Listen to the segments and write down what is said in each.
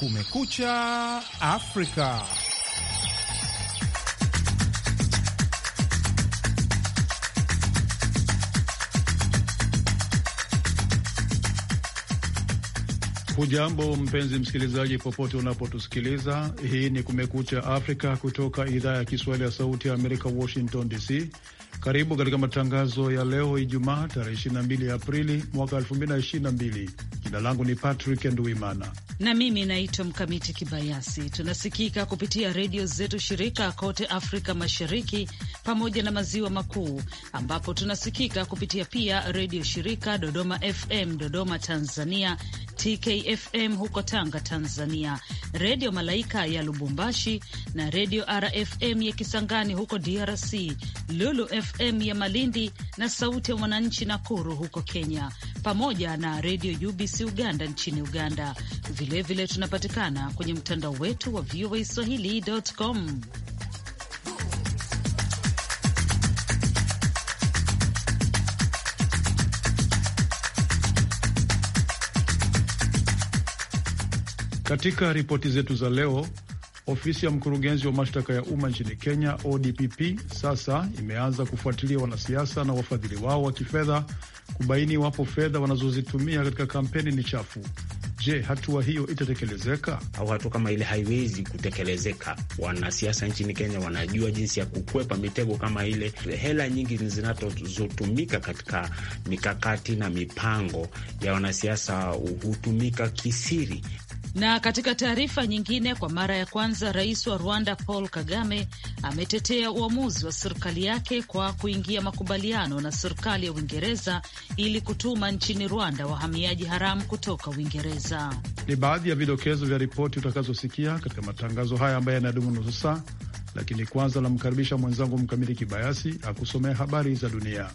Kumekucha Afrika. Hujambo mpenzi msikilizaji, popote unapotusikiliza. Hii ni Kumekucha Afrika kutoka idhaa ya Kiswahili ya Sauti ya Amerika, Washington DC. Karibu katika matangazo ya leo Ijumaa, tarehe 22 Aprili mwaka 2022. Jina langu ni Patrick Nduimana na mimi naitwa Mkamiti Kibayasi. Tunasikika kupitia redio zetu shirika kote Afrika Mashariki pamoja na Maziwa Makuu, ambapo tunasikika kupitia pia redio shirika Dodoma FM Dodoma Tanzania, TKFM huko Tanga Tanzania, Redio Malaika ya Lubumbashi na Redio RFM ya Kisangani huko DRC, Lulu FM ya Malindi na Sauti ya Mwananchi Nakuru huko Kenya pamoja na redio UBC Uganda nchini Uganda. Vilevile vile tunapatikana kwenye mtandao wetu wa VOA Swahili.com. Katika ripoti zetu za leo, ofisi ya mkurugenzi wa mashtaka ya umma nchini Kenya, ODPP, sasa imeanza kufuatilia wanasiasa na wafadhili wao wa kifedha kubaini iwapo fedha wanazozitumia katika kampeni ni chafu. Je, hatua hiyo itatekelezeka au hatua kama ile haiwezi kutekelezeka? Wanasiasa nchini Kenya wanajua jinsi ya kukwepa mitego kama ile. Hela nyingi zinazotumika katika mikakati na mipango ya wanasiasa hutumika kisiri na katika taarifa nyingine, kwa mara ya kwanza rais wa Rwanda Paul Kagame ametetea uamuzi wa serikali yake kwa kuingia makubaliano na serikali ya Uingereza ili kutuma nchini Rwanda wahamiaji haramu kutoka Uingereza. Ni baadhi ya vidokezo vya ripoti utakazosikia katika matangazo haya ambayo yanadumu nusu saa, lakini kwanza namkaribisha mwenzangu Mkamili Kibayasi akusomea habari za dunia.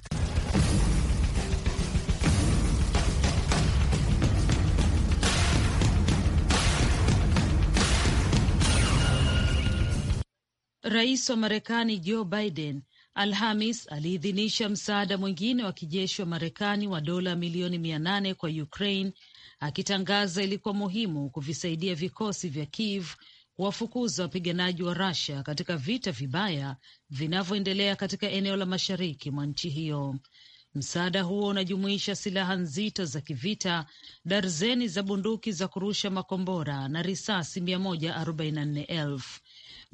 Rais wa Marekani Joe Biden Alhamis aliidhinisha msaada mwingine wa kijeshi wa Marekani wa dola milioni mia nane kwa Ukraine, akitangaza ilikuwa muhimu kuvisaidia vikosi vya Kiev kuwafukuza wapiganaji wa rasia katika vita vibaya vinavyoendelea katika eneo la mashariki mwa nchi hiyo. Msaada huo unajumuisha silaha nzito za kivita, darzeni za bunduki za kurusha makombora na risasi 144,000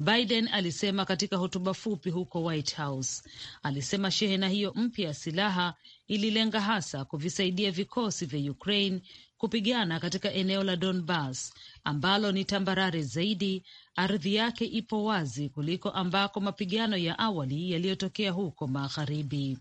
Biden alisema katika hotuba fupi huko White House. Alisema shehena hiyo mpya ya silaha ililenga hasa kuvisaidia vikosi vya Ukraine kupigana katika eneo la Donbas ambalo ni tambarare zaidi, ardhi yake ipo wazi kuliko ambako mapigano ya awali yaliyotokea huko magharibi.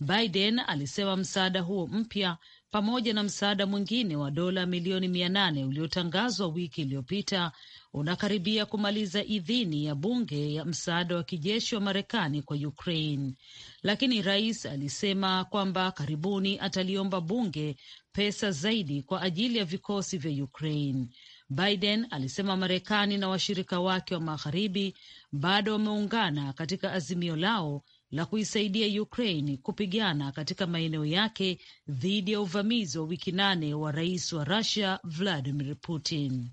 Biden alisema msaada huo mpya pamoja na msaada mwingine wa dola milioni mia nane uliotangazwa wiki iliyopita unakaribia kumaliza idhini ya bunge ya msaada wa kijeshi wa Marekani kwa Ukraine, lakini rais alisema kwamba karibuni ataliomba bunge pesa zaidi kwa ajili ya vikosi vya Ukraine. Biden alisema Marekani na washirika wake wa magharibi bado wameungana katika azimio lao la kuisaidia Ukraine kupigana katika maeneo yake dhidi ya uvamizi wa wiki nane wa rais wa Russia Vladimir Putin.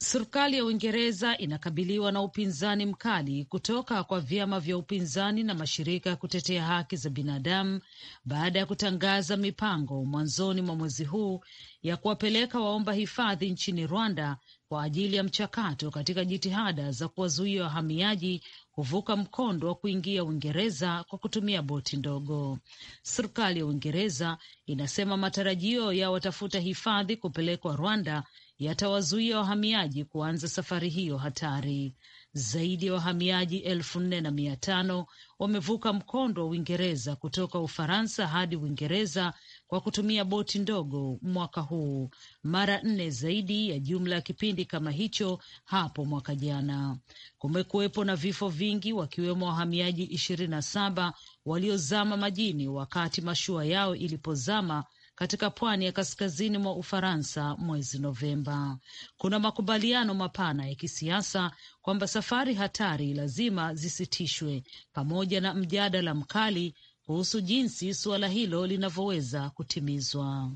Serikali ya Uingereza inakabiliwa na upinzani mkali kutoka kwa vyama vya upinzani na mashirika ya kutetea haki za binadamu baada ya kutangaza mipango mwanzoni mwa mwezi huu ya kuwapeleka waomba hifadhi nchini Rwanda kwa ajili ya mchakato katika jitihada za kuwazuia wahamiaji kuvuka mkondo wa kuingia Uingereza kwa kutumia boti ndogo. Serikali ya Uingereza inasema matarajio ya watafuta hifadhi kupelekwa Rwanda yatawazuia wahamiaji kuanza safari hiyo hatari. Zaidi ya wahamiaji elfu nne na mia tano wamevuka mkondo wa Uingereza kutoka Ufaransa hadi Uingereza kwa kutumia boti ndogo mwaka huu, mara nne zaidi ya jumla ya kipindi kama hicho hapo mwaka jana. Kumekuwepo na vifo vingi, wakiwemo wahamiaji ishirini na saba waliozama majini wakati mashua yao ilipozama katika pwani ya kaskazini mwa Ufaransa mwezi Novemba. Kuna makubaliano mapana ya kisiasa kwamba safari hatari lazima zisitishwe pamoja na mjadala mkali kuhusu jinsi suala hilo linavyoweza kutimizwa.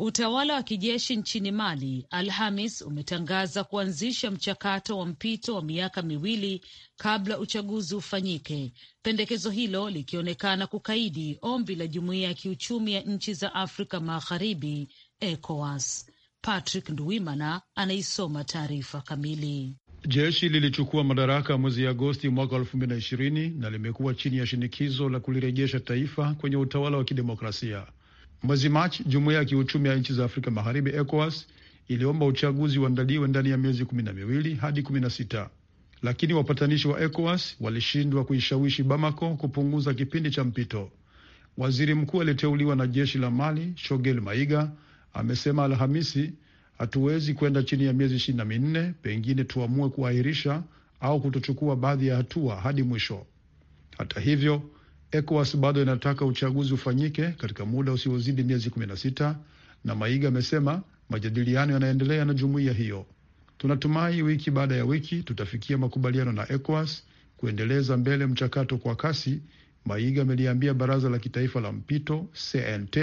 Utawala wa kijeshi nchini Mali Alhamis umetangaza kuanzisha mchakato wa mpito wa miaka miwili kabla uchaguzi ufanyike, pendekezo hilo likionekana kukaidi ombi la jumuiya ya kiuchumi ya nchi za Afrika Magharibi, ECOWAS. Patrick Nduwimana anaisoma taarifa kamili. Jeshi lilichukua madaraka mwezi Agosti mwaka elfu na limekuwa chini ya shinikizo la kulirejesha taifa kwenye utawala wa kidemokrasia. Mwezi Machi, jumuiya ya kiuchumi ya nchi za Afrika Magharibi, ECOWAS, iliomba uchaguzi uandaliwe ndani ya miezi kumi na miwili hadi kumi na sita lakini wapatanishi wa ECOWAS walishindwa kuishawishi Bamako kupunguza kipindi cha mpito. Waziri mkuu aliyeteuliwa na jeshi la Mali, Shogel Maiga, amesema Alhamisi, hatuwezi kwenda chini ya miezi ishirini na minne, pengine tuamue kuahirisha au kutochukua baadhi ya hatua hadi mwisho. Hata hivyo ECOWAS bado inataka uchaguzi ufanyike katika muda usiozidi miezi 16 na Maiga amesema majadiliano yanaendelea na jumuiya hiyo. Tunatumai wiki baada ya wiki tutafikia makubaliano na ECOWAS kuendeleza mbele mchakato kwa kasi, Maiga ameliambia baraza la kitaifa la mpito CNT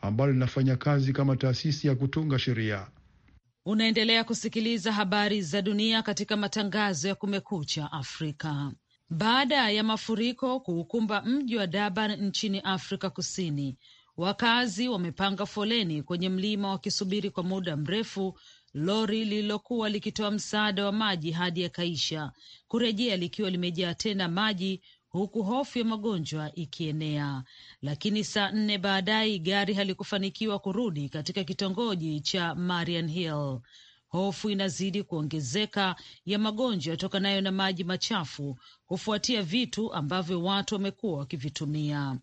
ambalo linafanya kazi kama taasisi ya kutunga sheria. Unaendelea kusikiliza habari za dunia katika matangazo ya Kumekucha Afrika baada ya mafuriko kuukumba mji wa Durban nchini Afrika Kusini. Wakazi wamepanga foleni kwenye mlima wakisubiri kwa muda mrefu lori lililokuwa likitoa msaada wa maji hadi yakaisha, kurejea likiwa limejaa tena maji huku hofu ya magonjwa ikienea. Lakini saa nne baadaye gari halikufanikiwa kurudi katika kitongoji cha Marian Hill. Hofu inazidi kuongezeka ya magonjwa yatokanayo na maji machafu, kufuatia vitu ambavyo watu wamekuwa wakivitumia.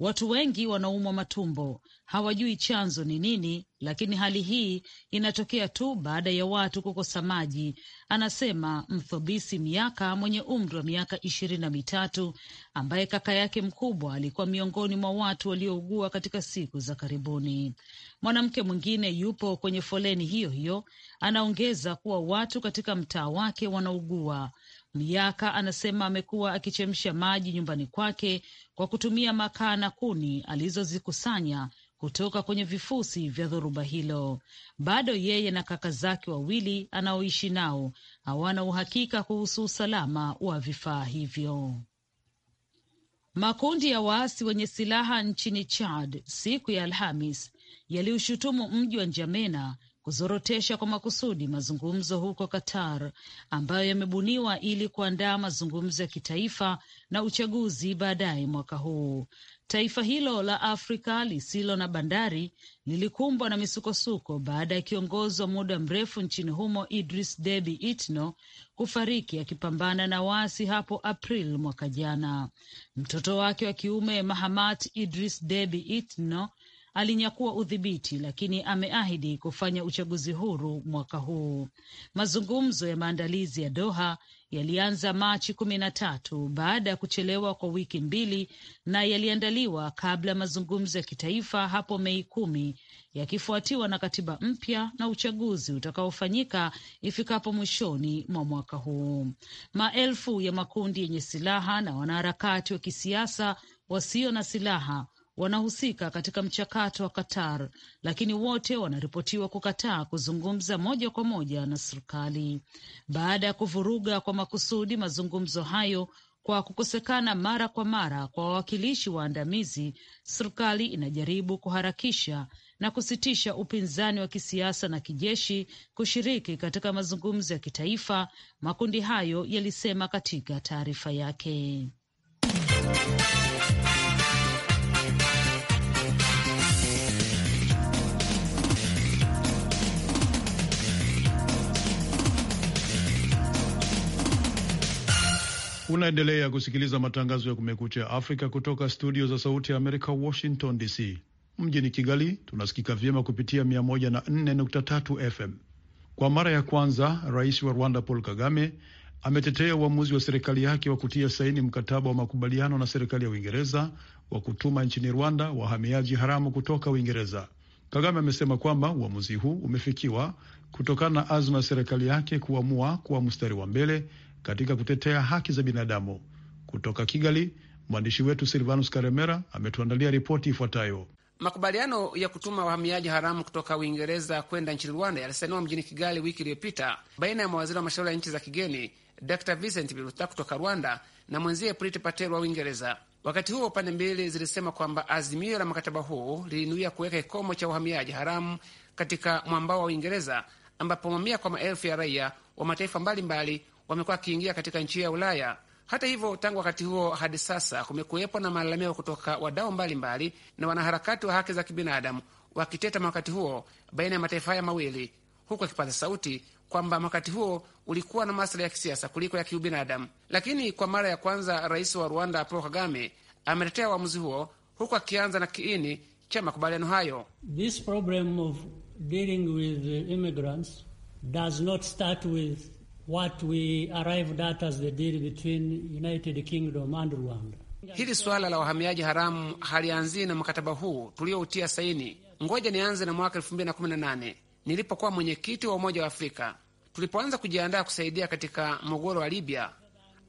Watu wengi wanaumwa matumbo, hawajui chanzo ni nini, lakini hali hii inatokea tu baada ya watu kukosa maji, anasema Mthobisi Miaka mwenye umri wa miaka ishirini na mitatu ambaye kaka yake mkubwa alikuwa miongoni mwa watu waliougua katika siku za karibuni. Mwanamke mwingine yupo kwenye foleni hiyo hiyo, anaongeza kuwa watu katika mtaa wake wanaugua Myaka anasema amekuwa akichemsha maji nyumbani kwake kwa kutumia makaa na kuni alizozikusanya kutoka kwenye vifusi vya dhoruba hilo. Bado yeye na kaka zake wawili anaoishi nao hawana uhakika kuhusu usalama wa vifaa hivyo. Makundi ya waasi wenye silaha nchini Chad siku ya Alhamis yaliushutumu mji wa Njamena kuzorotesha kwa makusudi mazungumzo huko Qatar ambayo yamebuniwa ili kuandaa mazungumzo ya kitaifa na uchaguzi baadaye mwaka huu. Taifa hilo la Afrika lisilo na bandari lilikumbwa na misukosuko baada ya kiongozi wa muda mrefu nchini humo Idris Deby Itno kufariki akipambana na waasi hapo April mwaka jana. Mtoto wake wa kiume Mahamat Idris Deby Itno alinyakua udhibiti, lakini ameahidi kufanya uchaguzi huru mwaka huu. Mazungumzo ya maandalizi ya Doha yalianza Machi kumi na tatu baada ya kuchelewa kwa wiki mbili, na yaliandaliwa kabla ya mazungumzo ya kitaifa hapo Mei kumi, yakifuatiwa na katiba mpya na uchaguzi utakaofanyika ifikapo mwishoni mwa mwaka huu. Maelfu ya makundi yenye silaha na wanaharakati wa kisiasa wasio na silaha wanahusika katika mchakato wa Qatar, lakini wote wanaripotiwa kukataa kuzungumza moja kwa moja na serikali baada ya kuvuruga kwa makusudi mazungumzo hayo kwa kukosekana mara kwa mara kwa wawakilishi waandamizi, serikali inajaribu kuharakisha na kusitisha upinzani wa kisiasa na kijeshi kushiriki katika mazungumzo ya kitaifa, makundi hayo yalisema katika taarifa yake. Unaendelea kusikiliza matangazo ya Kumekucha Afrika kutoka studio za Sauti ya Amerika, Washington DC. Mjini Kigali tunasikika vyema kupitia 104.3 FM. Kwa mara ya kwanza, rais wa Rwanda Paul Kagame ametetea uamuzi wa serikali yake wa kutia saini mkataba wa makubaliano na serikali ya Uingereza wa kutuma nchini Rwanda wahamiaji haramu kutoka Uingereza. Kagame amesema kwamba uamuzi huu umefikiwa kutokana na azma ya serikali yake kuamua kuwa mstari wa mbele katika kutetea haki za binadamu. Kutoka Kigali, mwandishi wetu Silvanus Karemera ametuandalia ripoti ifuatayo. Makubaliano ya kutuma wahamiaji haramu kutoka Uingereza kwenda nchini Rwanda yalisainiwa mjini Kigali wiki iliyopita baina ya mawaziri wa mashauri ya nchi za kigeni Dr Vincent Biruta kutoka Rwanda na mwenzie Priti Patel wa Uingereza. Wakati huo pande mbili zilisema kwamba azimio la mkataba huu lilinuia kuweka kikomo cha uhamiaji haramu katika mwambao wa Uingereza, ambapo mamia kwa maelfu ya raia wa mataifa mbalimbali wamekuwa wakiingia katika nchi ya Ulaya. Hata hivyo, tangu wakati huo hadi sasa kumekuwepo na malalamiko kutoka wadau mbalimbali na wanaharakati wa haki za kibinadamu wakiteta wakati huo baina ya mataifa haya mawili, huku akipaza sauti kwamba wakati huo ulikuwa na maslahi ya kisiasa kuliko ya kiubinadamu. Lakini kwa mara ya kwanza rais wa Rwanda Paul Kagame ametetea uamuzi huo, huku akianza na kiini cha makubaliano hayo. This problem of dealing with immigrants does not start with What we arrived at as the deal between United Kingdom and Rwanda. Hili suala la wahamiaji haramu halianzii na mkataba huu tulioutia saini. Ngoja nianze na mwaka 2018 nilipokuwa mwenyekiti wa Umoja wa Afrika, tulipoanza kujiandaa kusaidia katika mgogoro wa Libya,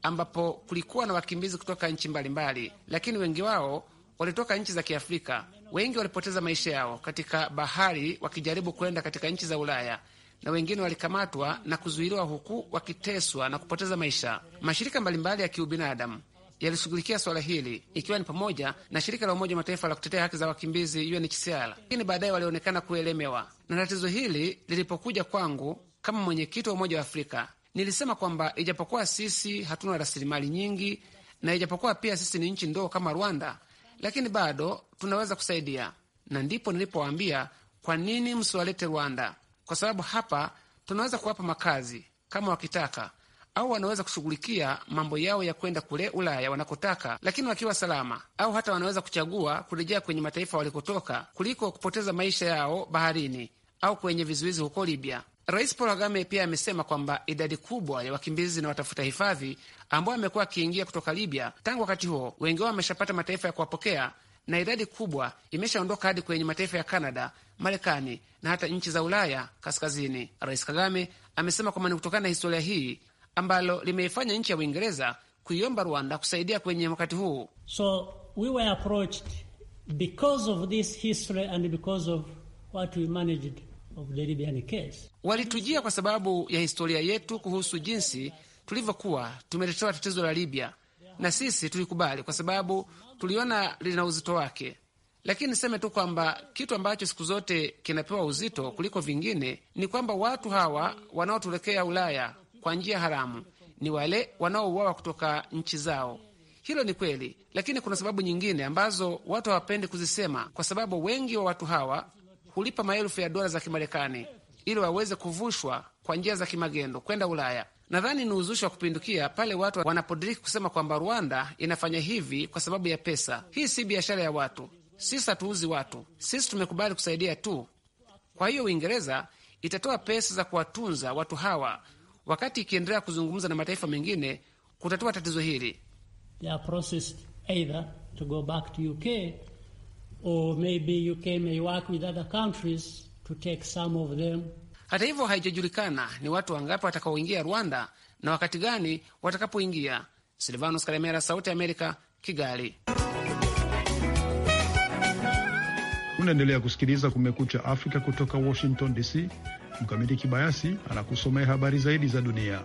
ambapo kulikuwa na wakimbizi kutoka nchi mbalimbali, lakini wengi wao walitoka nchi za Kiafrika. Wengi walipoteza maisha yao katika bahari wakijaribu kwenda katika nchi za Ulaya na wengine walikamatwa na kuzuiliwa huku wakiteswa na kupoteza maisha. Mashirika mbalimbali ya kiubinadamu yalishughulikia swala hili ikiwa ni pamoja na shirika la Umoja wa Mataifa la kutetea haki za wakimbizi UNHCR, lakini baadaye walionekana kuelemewa. Na tatizo hili lilipokuja kwangu kama mwenyekiti wa Umoja wa Afrika, nilisema kwamba ijapokuwa sisi hatuna rasilimali nyingi na ijapokuwa pia sisi ni nchi ndogo kama Rwanda, lakini bado tunaweza kusaidia, na ndipo nilipowaambia kwa nini msiwalete Rwanda kwa sababu hapa tunaweza kuwapa makazi kama wakitaka, au wanaweza kushughulikia mambo yao ya kwenda kule Ulaya wanakotaka, lakini wakiwa salama, au hata wanaweza kuchagua kurejea kwenye mataifa walikotoka kuliko kupoteza maisha yao baharini au kwenye vizuizi huko Libya. Rais Paul Kagame pia amesema kwamba idadi kubwa ya wakimbizi na watafuta hifadhi ambao amekuwa akiingia kutoka Libya tangu wakati huo, wengi wao wameshapata mataifa ya kuwapokea na idadi kubwa imeshaondoka hadi kwenye mataifa ya canada Marekani na hata nchi za Ulaya kaskazini. Rais Kagame amesema kwamba ni kutokana na historia hii ambalo limeifanya nchi ya Uingereza kuiomba Rwanda kusaidia kwenye wakati huu. So we were approached because of this history and because of what we managed of the Libyan case. Walitujia kwa sababu ya historia yetu kuhusu jinsi tulivyokuwa tumeletewa tatizo la Libya, na sisi tulikubali kwa sababu tuliona lina uzito wake, lakini niseme tu kwamba kitu ambacho siku zote kinapewa uzito kuliko vingine ni kwamba watu hawa wanaotulekea Ulaya kwa njia haramu ni wale wanaouawa kutoka nchi zao. Hilo ni kweli, lakini kuna sababu nyingine ambazo watu hawapendi kuzisema, kwa sababu wengi wa watu hawa hulipa maelfu ya dola za Kimarekani ili waweze kuvushwa kwa njia za kimagendo kwenda Ulaya. Nadhani ni uzushi wa kupindukia pale watu wanapodiriki kusema kwamba Rwanda inafanya hivi kwa sababu ya pesa. Hii si biashara ya watu, sisi hatuuzi watu, sisi tumekubali kusaidia tu. Kwa hiyo Uingereza itatoa pesa za kuwatunza watu hawa, wakati ikiendelea kuzungumza na mataifa mengine kutatua tatizo hili. To take some of them hata hivyo, haijajulikana ni watu wangapi watakaoingia Rwanda na wakati gani watakapoingia. Silvanus Karemera, Sauti Amerika, Kigali. Unaendelea kusikiliza Kumekucha Afrika kutoka Washington DC. Mkamiti Kibayasi anakusomea habari zaidi za dunia.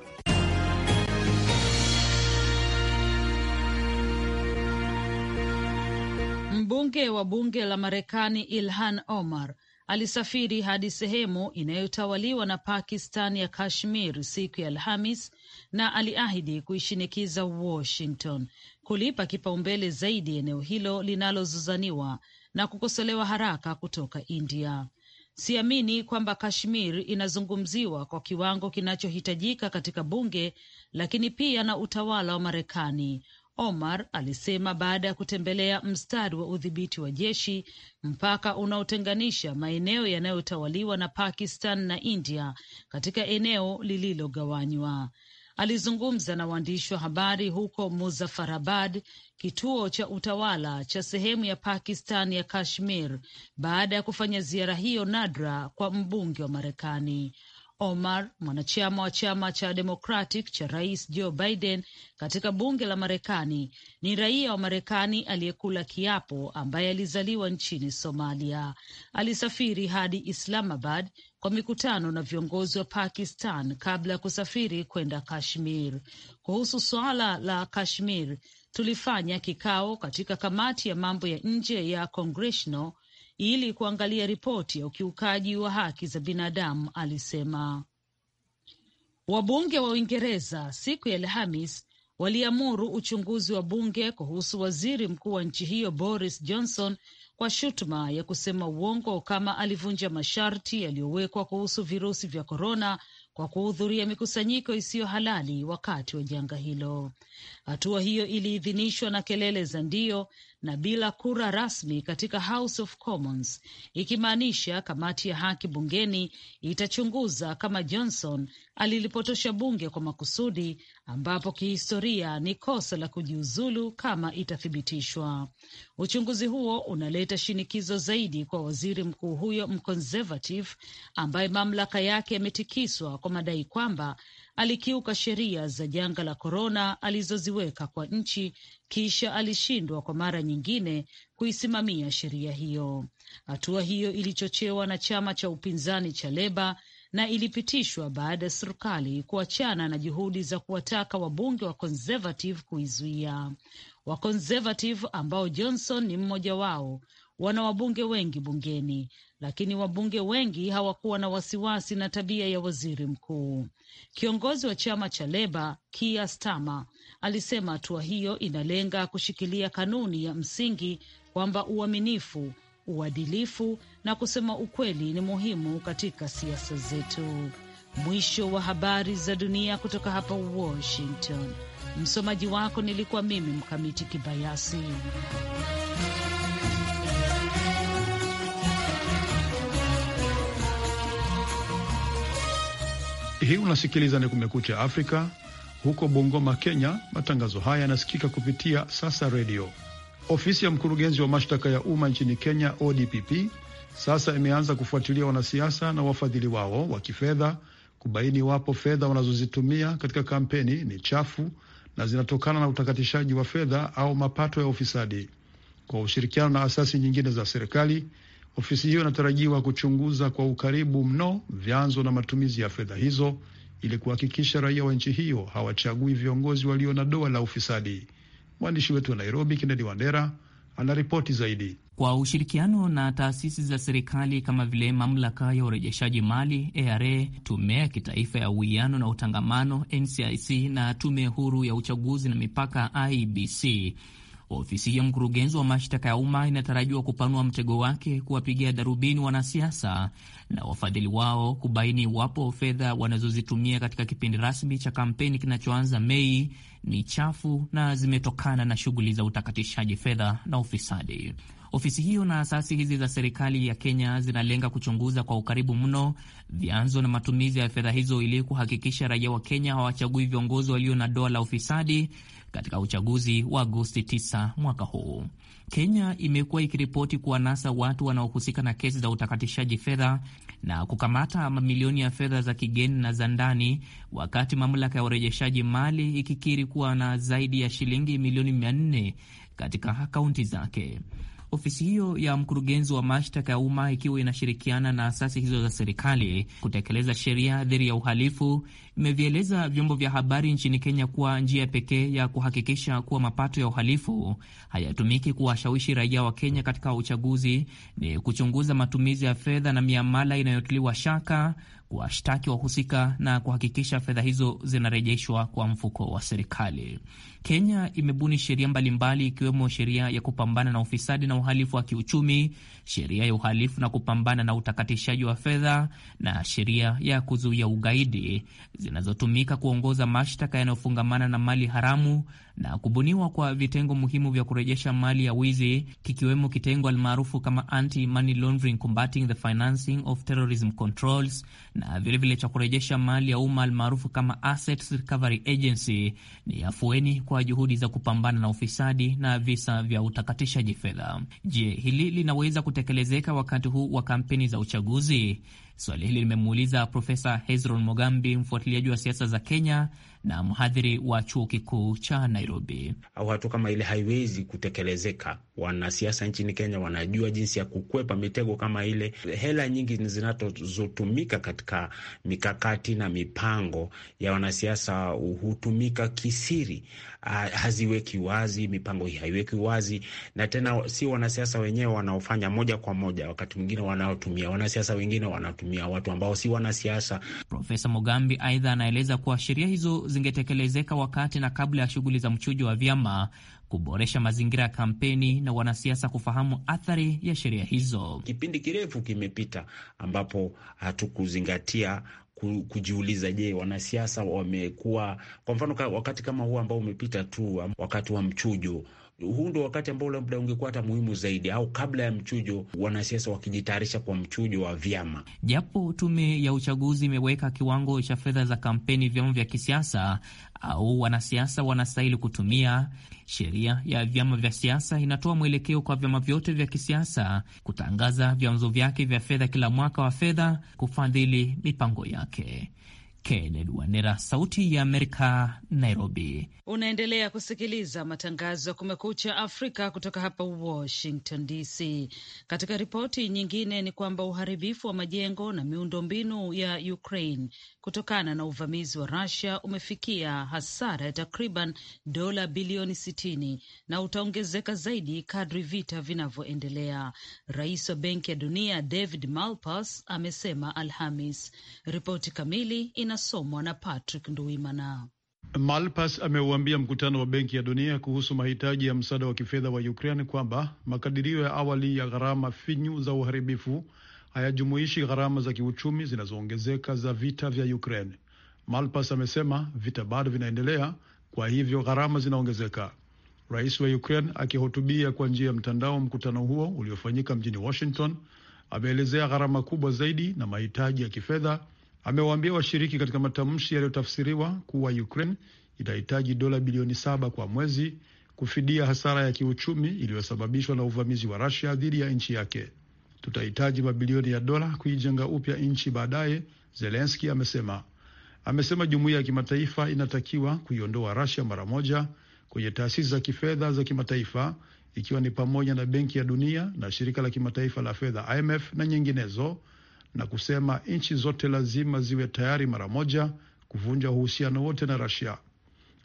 Mbunge wa bunge la Marekani Ilhan Omar alisafiri hadi sehemu inayotawaliwa na Pakistan ya Kashmir siku ya Alhamis na aliahidi kuishinikiza Washington kulipa kipaumbele zaidi eneo hilo linalozuzaniwa na kukosolewa haraka kutoka India. Siamini kwamba Kashmir inazungumziwa kwa kiwango kinachohitajika katika bunge, lakini pia na utawala wa Marekani Omar alisema baada ya kutembelea mstari wa udhibiti wa jeshi, mpaka unaotenganisha maeneo yanayotawaliwa na Pakistan na India katika eneo lililogawanywa. Alizungumza na waandishi wa habari huko Muzaffarabad, kituo cha utawala cha sehemu ya Pakistan ya Kashmir, baada ya kufanya ziara hiyo nadra kwa mbunge wa Marekani. Omar, mwanachama wa chama cha Democratic cha Rais Joe Biden katika bunge la Marekani, ni raia wa Marekani aliyekula kiapo ambaye alizaliwa nchini Somalia. Alisafiri hadi Islamabad kwa mikutano na viongozi wa Pakistan kabla ya kusafiri kwenda Kashmir. Kuhusu suala la Kashmir, tulifanya kikao katika kamati ya mambo ya nje ya Congressional ili kuangalia ripoti ya ukiukaji wa haki za binadamu, alisema. Wabunge wa Uingereza siku ya Alhamis waliamuru uchunguzi wa bunge kuhusu waziri mkuu wa nchi hiyo Boris Johnson kwa shutuma ya kusema uongo kama alivunja masharti yaliyowekwa kuhusu virusi vya korona kwa kuhudhuria mikusanyiko isiyo halali wakati wa janga hilo. Hatua hiyo iliidhinishwa na kelele za ndio, na bila kura rasmi katika House of Commons, ikimaanisha kamati ya haki bungeni itachunguza kama Johnson alilipotosha bunge kwa makusudi, ambapo kihistoria ni kosa la kujiuzulu kama itathibitishwa. Uchunguzi huo unaleta shinikizo zaidi kwa waziri mkuu huyo mconservative ambaye mamlaka yake yametikiswa kwa madai kwamba alikiuka sheria za janga la korona alizoziweka kwa nchi, kisha alishindwa kwa mara nyingine kuisimamia sheria hiyo. Hatua hiyo ilichochewa na chama cha upinzani cha Leba na ilipitishwa baada ya serikali kuachana na juhudi za kuwataka wabunge wa Conservative kuizuia. Wa ambao Johnson ni mmoja wao, wana wabunge wengi bungeni lakini wabunge wengi hawakuwa na wasiwasi na tabia ya waziri mkuu. Kiongozi wa chama cha Leba kia stama alisema hatua hiyo inalenga kushikilia kanuni ya msingi kwamba uaminifu, uadilifu na kusema ukweli ni muhimu katika siasa zetu. Mwisho wa habari za dunia kutoka hapa Washington. Msomaji wako nilikuwa mimi Mkamiti Kibayasi. hii unasikiliza ni Kumekucha Afrika huko Bungoma, Kenya. Matangazo haya yanasikika kupitia Sasa Redio. Ofisi ya mkurugenzi wa mashtaka ya umma nchini Kenya, ODPP, sasa imeanza kufuatilia wanasiasa na wafadhili wao wa kifedha kubaini iwapo fedha wanazozitumia katika kampeni ni chafu na zinatokana na utakatishaji wa fedha au mapato ya ufisadi. Kwa ushirikiano na asasi nyingine za serikali, Ofisi hiyo inatarajiwa kuchunguza kwa ukaribu mno vyanzo na matumizi ya fedha hizo ili kuhakikisha raia wa nchi hiyo hawachagui viongozi walio na doa la ufisadi. Mwandishi wetu wa Nairobi, Kennedy Wandera, anaripoti zaidi. Kwa ushirikiano na taasisi za serikali kama vile mamlaka ya urejeshaji mali ARA, tume ya kitaifa ya uwiano na utangamano NCIC na tume huru ya uchaguzi na mipaka IBC Ofisi ya mkurugenzi wa mashtaka ya umma inatarajiwa kupanua mtego wake kuwapigia darubini wanasiasa na wafadhili wao kubaini iwapo fedha wanazozitumia katika kipindi rasmi cha kampeni kinachoanza Mei ni chafu na zimetokana na shughuli za utakatishaji fedha na ufisadi. Ofisi hiyo na asasi hizi za serikali ya Kenya zinalenga kuchunguza kwa ukaribu mno vyanzo na matumizi ya fedha hizo ili kuhakikisha raia wa Kenya hawachagui viongozi walio na doa la ufisadi katika uchaguzi wa Agosti 9 mwaka huu. Kenya imekuwa ikiripoti kuwanasa watu wanaohusika na kesi za utakatishaji fedha na kukamata mamilioni ya fedha za kigeni na za ndani, wakati mamlaka ya urejeshaji mali ikikiri kuwa na zaidi ya shilingi milioni 4 katika akaunti zake. Ofisi hiyo ya mkurugenzi wa mashtaka ya umma ikiwa inashirikiana na asasi hizo za serikali kutekeleza sheria dhidi ya uhalifu imevieleza vyombo vya habari nchini Kenya kuwa njia pekee ya kuhakikisha kuwa mapato ya uhalifu hayatumiki kuwashawishi raia wa Kenya katika uchaguzi ni kuchunguza matumizi ya fedha na miamala inayotuliwa shaka kuwashtaki wahusika na kuhakikisha fedha hizo zinarejeshwa kwa mfuko wa serikali. Kenya imebuni sheria mbalimbali ikiwemo sheria ya kupambana na ufisadi na uhalifu wa kiuchumi, sheria ya uhalifu na kupambana na utakatishaji wa fedha na sheria ya kuzuia ugaidi zinazotumika kuongoza mashtaka yanayofungamana na mali haramu na kubuniwa kwa vitengo muhimu vya kurejesha mali ya wizi kikiwemo kitengo almaarufu kama Anti Money Laundering Combating the Financing of Terrorism Controls na vilevile cha kurejesha mali ya umma almaarufu kama Assets Recovery Agency ni afueni kwa juhudi za kupambana na ufisadi na visa vya utakatishaji fedha. Je, hili linaweza kutekelezeka wakati huu wa kampeni za uchaguzi? Swali hili limemuuliza Profesa Hezron Mogambi, mfuatiliaji wa siasa za Kenya na mhadhiri wa chuo kikuu cha Nairobi. Au hatu kama ile haiwezi kutekelezeka. Wanasiasa nchini Kenya wanajua jinsi ya kukwepa mitego kama ile. Hela nyingi zinazotumika katika mikakati na mipango ya wanasiasa hutumika kisiri, ah, haziweki wazi, mipango hii haiweki wazi, na tena si wanasiasa wenyewe wanaofanya moja kwa moja, wakati mwingine wanaotumia wanasiasa wengine wanaotumia kutumia watu ambao si wanasiasa. Profesa Mugambi aidha anaeleza kuwa sheria hizo zingetekelezeka wakati na kabla ya shughuli za mchujo wa vyama kuboresha mazingira ya kampeni na wanasiasa kufahamu athari ya sheria hizo. Kipindi kirefu kimepita ambapo hatukuzingatia kujiuliza, je, wanasiasa wamekuwa, kwa mfano wakati kama huu ambao umepita tu, wakati wa mchujo huu ndo wakati ambao labda ungekuwa hata muhimu zaidi, au kabla ya mchujo, wanasiasa wakijitayarisha kwa mchujo wa vyama. Japo tume ya uchaguzi imeweka kiwango cha fedha za kampeni vyama vya kisiasa au wanasiasa wanastahili kutumia, sheria ya vyama vya siasa inatoa mwelekeo kwa vyama vyote vya kisiasa kutangaza vyanzo vyake vya fedha kila mwaka wa fedha, kufadhili mipango yake. Kennedy Wandera, Sauti ya Amerika, Nairobi. Unaendelea kusikiliza matangazo ya Kumekucha Afrika kutoka hapa Washington DC. Katika ripoti nyingine ni kwamba uharibifu wa majengo na miundombinu ya Ukraine kutokana na uvamizi wa rasia umefikia hasara ya takriban dola bilioni 60 na utaongezeka zaidi kadri vita vinavyoendelea. Rais wa Benki ya Dunia David Malpass amesema Alhamis. Ripoti kamili ina inasomwa na Patrick Nduimana. Malpas ameuambia mkutano wa Benki ya Dunia kuhusu mahitaji ya msaada wa kifedha wa Ukraine kwamba makadirio ya awali ya gharama finyu za uharibifu hayajumuishi gharama za kiuchumi zinazoongezeka za vita vya Ukraine. Malpas amesema vita bado vinaendelea, kwa hivyo gharama zinaongezeka. Rais wa Ukraine akihutubia kwa njia ya mtandao mkutano huo uliofanyika mjini Washington ameelezea gharama kubwa zaidi na mahitaji ya kifedha amewaambia washiriki katika matamshi yaliyotafsiriwa kuwa Ukraine itahitaji dola bilioni saba kwa mwezi kufidia hasara ya kiuchumi iliyosababishwa na uvamizi wa Russia dhidi ya nchi yake. Tutahitaji mabilioni ya dola kuijenga upya nchi baadaye, Zelenski amesema. Amesema jumuiya ya kimataifa inatakiwa kuiondoa Russia mara moja kwenye taasisi za kifedha za kimataifa ikiwa ni pamoja na Benki ya Dunia na Shirika la Kimataifa la Fedha IMF na nyinginezo na kusema nchi zote lazima ziwe tayari mara moja kuvunja uhusiano wote na Russia.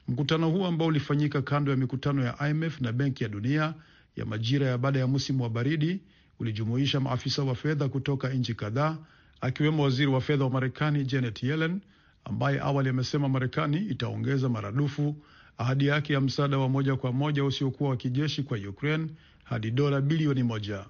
Mkutano huu ambao ulifanyika kando ya mikutano ya IMF na Benki ya Dunia ya majira ya baada ya msimu wa baridi ulijumuisha maafisa wa fedha kutoka nchi kadhaa akiwemo waziri wa fedha wa Marekani Janet Yellen ambaye awali amesema Marekani itaongeza maradufu ahadi yake ya msaada wa moja kwa moja usiokuwa wa kijeshi kwa Ukraine hadi dola bilioni moja.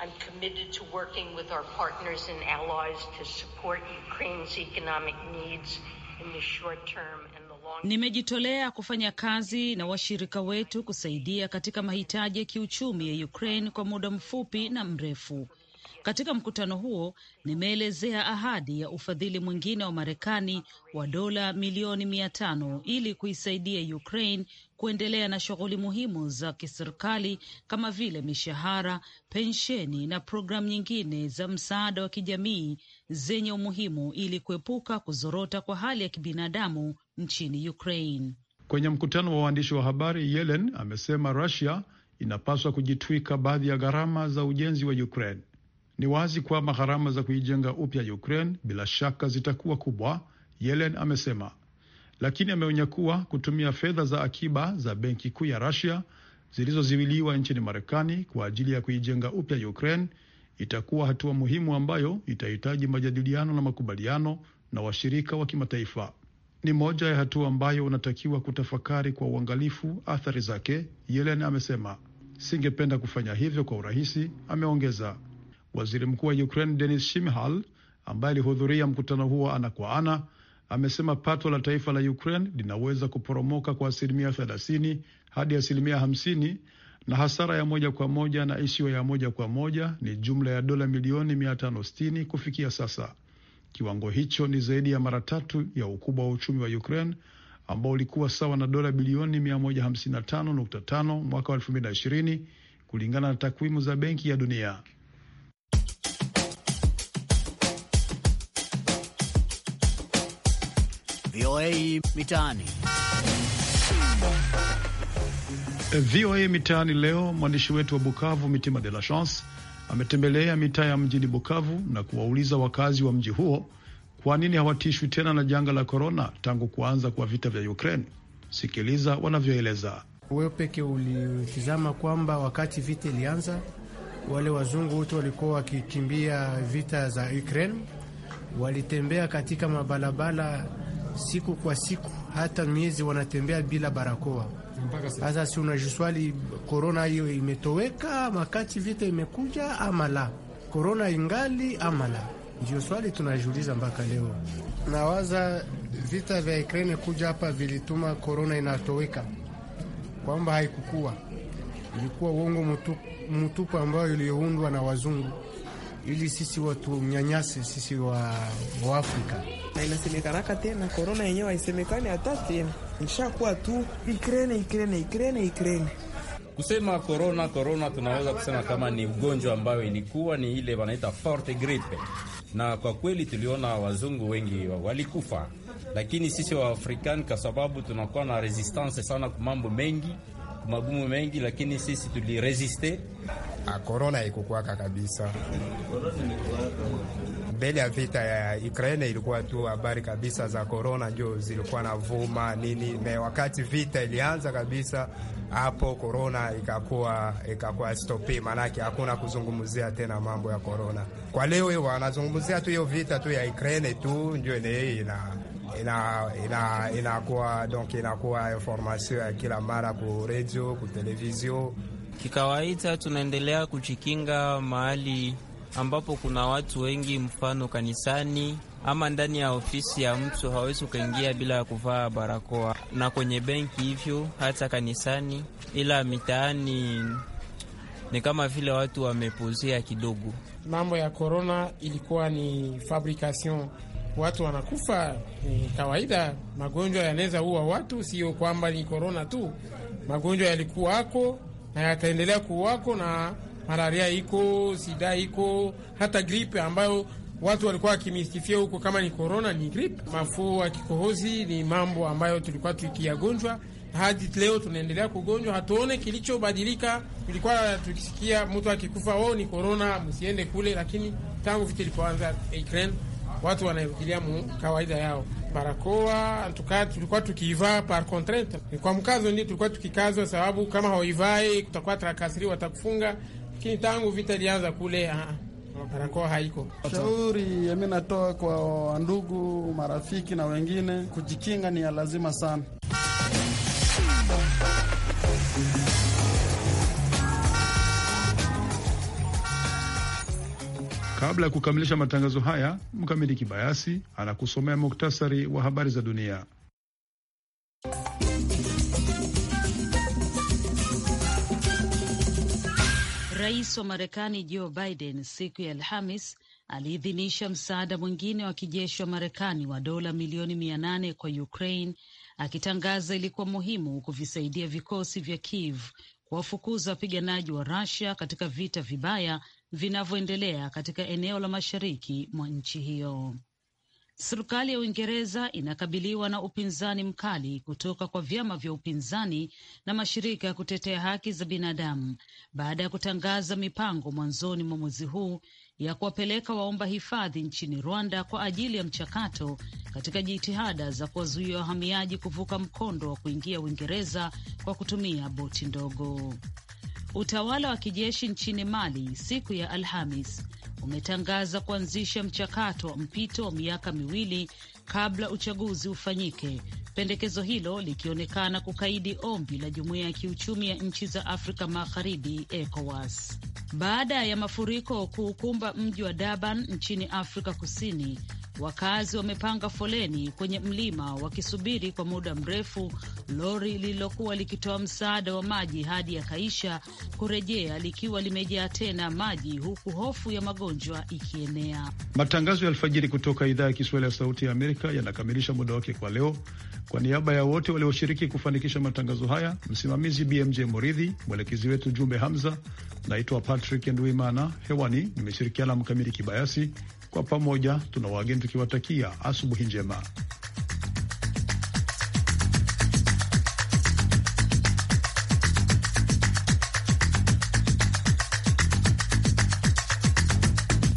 I'm committed to working with our partners and allies to support Ukraine's economic needs in the short term and the long term. Nimejitolea kufanya kazi na washirika wetu kusaidia katika mahitaji ya kiuchumi ya Ukraine kwa muda mfupi na mrefu. Katika mkutano huo nimeelezea ahadi ya ufadhili mwingine wa Marekani wa dola milioni mia tano ili kuisaidia Ukraine kuendelea na shughuli muhimu za kiserikali kama vile mishahara, pensheni na programu nyingine za msaada wa kijamii zenye umuhimu ili kuepuka kuzorota kwa hali ya kibinadamu nchini Ukraine. Kwenye mkutano wa waandishi wa habari, Yellen amesema Russia inapaswa kujitwika baadhi ya gharama za ujenzi wa Ukraine. Ni wazi kwamba gharama za kuijenga upya Ukraine bila shaka zitakuwa kubwa, Yellen amesema, lakini ameonya kuwa kutumia fedha za akiba za benki kuu ya Russia zilizoziwiliwa nchini Marekani kwa ajili ya kuijenga upya Ukraine itakuwa hatua muhimu ambayo itahitaji majadiliano na makubaliano na washirika wa kimataifa. Ni moja ya hatua ambayo unatakiwa kutafakari kwa uangalifu athari zake, Yellen amesema. Singependa kufanya hivyo kwa urahisi, ameongeza. Waziri mkuu wa Ukraine Denis Shimhal ambaye alihudhuria mkutano huo ana kwa ana amesema pato la taifa la Ukraine linaweza kuporomoka kwa asilimia thelathini hadi asilimia hamsini na hasara ya moja kwa moja na isiyo ya moja kwa moja ni jumla ya dola milioni mia tano kufikia sasa. Kiwango hicho ni zaidi ya mara tatu ya ukubwa wa uchumi wa Ukraine ambao ulikuwa sawa na dola bilioni 155.5 mwaka wa 2020 kulingana na takwimu za Benki ya Dunia. VOA Mitaani. VOA Mitaani leo, mwandishi wetu wa Bukavu Mitima de la Chance ametembelea mitaa ya mjini Bukavu na kuwauliza wakazi wa mji huo kwa nini hawatishwi tena na janga la korona tangu kuanza kwa vita vya Ukraine. Sikiliza wanavyoeleza. Wewe peke ulitizama kwamba wakati vita ilianza, wale wazungu wote walikuwa wakikimbia vita za Ukraine, walitembea katika mabalabala siku kwa siku, hata miezi wanatembea bila barakoa. Sasa si unajiswali korona hiyo imetoweka makati vita imekuja ama la? Korona ingali ama la? Ndio swali tunajiuliza mpaka leo. Nawaza vita vya Ukraine kuja hapa vilituma korona inatoweka, kwamba haikukua, ilikuwa uongo mutupu ambayo iliyoundwa na wazungu ili sisi watu mnyanyase sisi wa Waafrika. Na inasemekanaka tena korona yenyewe haisemekani hata tena, ishakuwa tu Ukraine, Ukraine, Ukraine, Ukraine. Kusema korona korona, tunaweza kusema kama ni ugonjwa ambayo ilikuwa ni ile wanaita forte gripe, na kwa kweli tuliona wazungu wengi walikufa, lakini sisi Waafrikani kwa sababu tunakuwa na resistance sana kwa mambo mengi magumu mengi, lakini sisi tuliresiste. Korona ah, ikukwaka kabisa mbele ya vita ya Ukraine ilikuwa tu habari kabisa za korona ndio zilikuwa na vuma nini, na wakati vita ilianza kabisa hapo korona ikakuwa ikakuwa stopi, maanake hakuna kuzungumzia tena mambo ya korona. Kwa leo wanazungumzia tu hiyo vita tu ya Ukraine tu ndio ile na ina ina, ina donc inakuwa information ya kila mara ku radio ku televizio. Kikawaida tunaendelea kujikinga mahali ambapo kuna watu wengi, mfano kanisani ama ndani ya ofisi ya mtu, hawezi ukaingia bila ya kuvaa barakoa, na kwenye benki hivyo, hata kanisani. Ila mitaani ni kama vile watu wamepuzia kidogo. Mambo ya korona ilikuwa ni fabrication watu wanakufa, ni kawaida. Magonjwa yanaweza uwa watu, sio kwamba ni korona tu. Magonjwa yalikuwa yalikuwako na yataendelea kuwako, na malaria iko, sida iko, hata gripe ambayo watu walikuwa wakimistifia huko kama ni korona, ni gripe. Mafua, kikohozi ni mambo ambayo tulikuwa tukiyagonjwa hadi leo tunaendelea kugonjwa, hatuone kilichobadilika. Tulikuwa tukisikia mtu akikufa, wao oh, ni korona, msiende kule, lakini tangu vita ilipoanza Ukraine watu mu kawaida yao. Barakoa tukaa tulikuwa tukiivaa par contrainte, kwa mkazo ndio tulikuwa tukikazwa, sababu kama hawaivai kutakuwa trakasiri, watakufunga. Lakini tangu vita ilianza kule ha, ah, ah, Barakoa haiko. Shauri mimi natoa kwa ndugu, marafiki na wengine, kujikinga ni ya lazima sana. Kabla ya kukamilisha matangazo haya, Mkamidi Kibayasi anakusomea muktasari wa habari za dunia. Rais wa Marekani Joe Biden siku ya Alhamis aliidhinisha msaada mwingine wa kijeshi wa Marekani wa dola milioni mia nane kwa Ukraine, akitangaza ilikuwa muhimu kuvisaidia vikosi vya Kiev kuwafukuza wapiganaji wa Rusia katika vita vibaya vinavyoendelea katika eneo la mashariki mwa nchi hiyo. Serikali ya Uingereza inakabiliwa na upinzani mkali kutoka kwa vyama vya upinzani na mashirika ya kutetea haki za binadamu baada ya kutangaza mipango mwanzoni mwa mwezi huu ya kuwapeleka waomba hifadhi nchini Rwanda kwa ajili ya mchakato katika jitihada za kuwazuia wahamiaji kuvuka mkondo wa kuingia Uingereza kwa kutumia boti ndogo. Utawala wa kijeshi nchini Mali siku ya Alhamis umetangaza kuanzisha mchakato wa mpito wa miaka miwili kabla uchaguzi ufanyike, pendekezo hilo likionekana kukaidi ombi la jumuiya ya kiuchumi ya nchi za Afrika Magharibi, ECOWAS, baada ya mafuriko kuukumba mji wa Durban nchini Afrika Kusini. Wakazi wamepanga foleni kwenye mlima wakisubiri kwa muda mrefu lori lililokuwa likitoa msaada wa maji hadi yakaisha kurejea likiwa limejaa tena maji, huku hofu ya magonjwa ikienea. Matangazo ya alfajiri kutoka idhaa ya Kiswahili ya Sauti ya Amerika yanakamilisha muda wake kwa leo. Kwa niaba ya wote walioshiriki kufanikisha matangazo haya, msimamizi BMJ Moridhi, mwelekezi wetu Jumbe Hamza, naitwa Patrick Ndwimana. Hewani nimeshirikiana Mkamili Kibayasi. Kwa pamoja tuna wageni tukiwatakia asubuhi njema.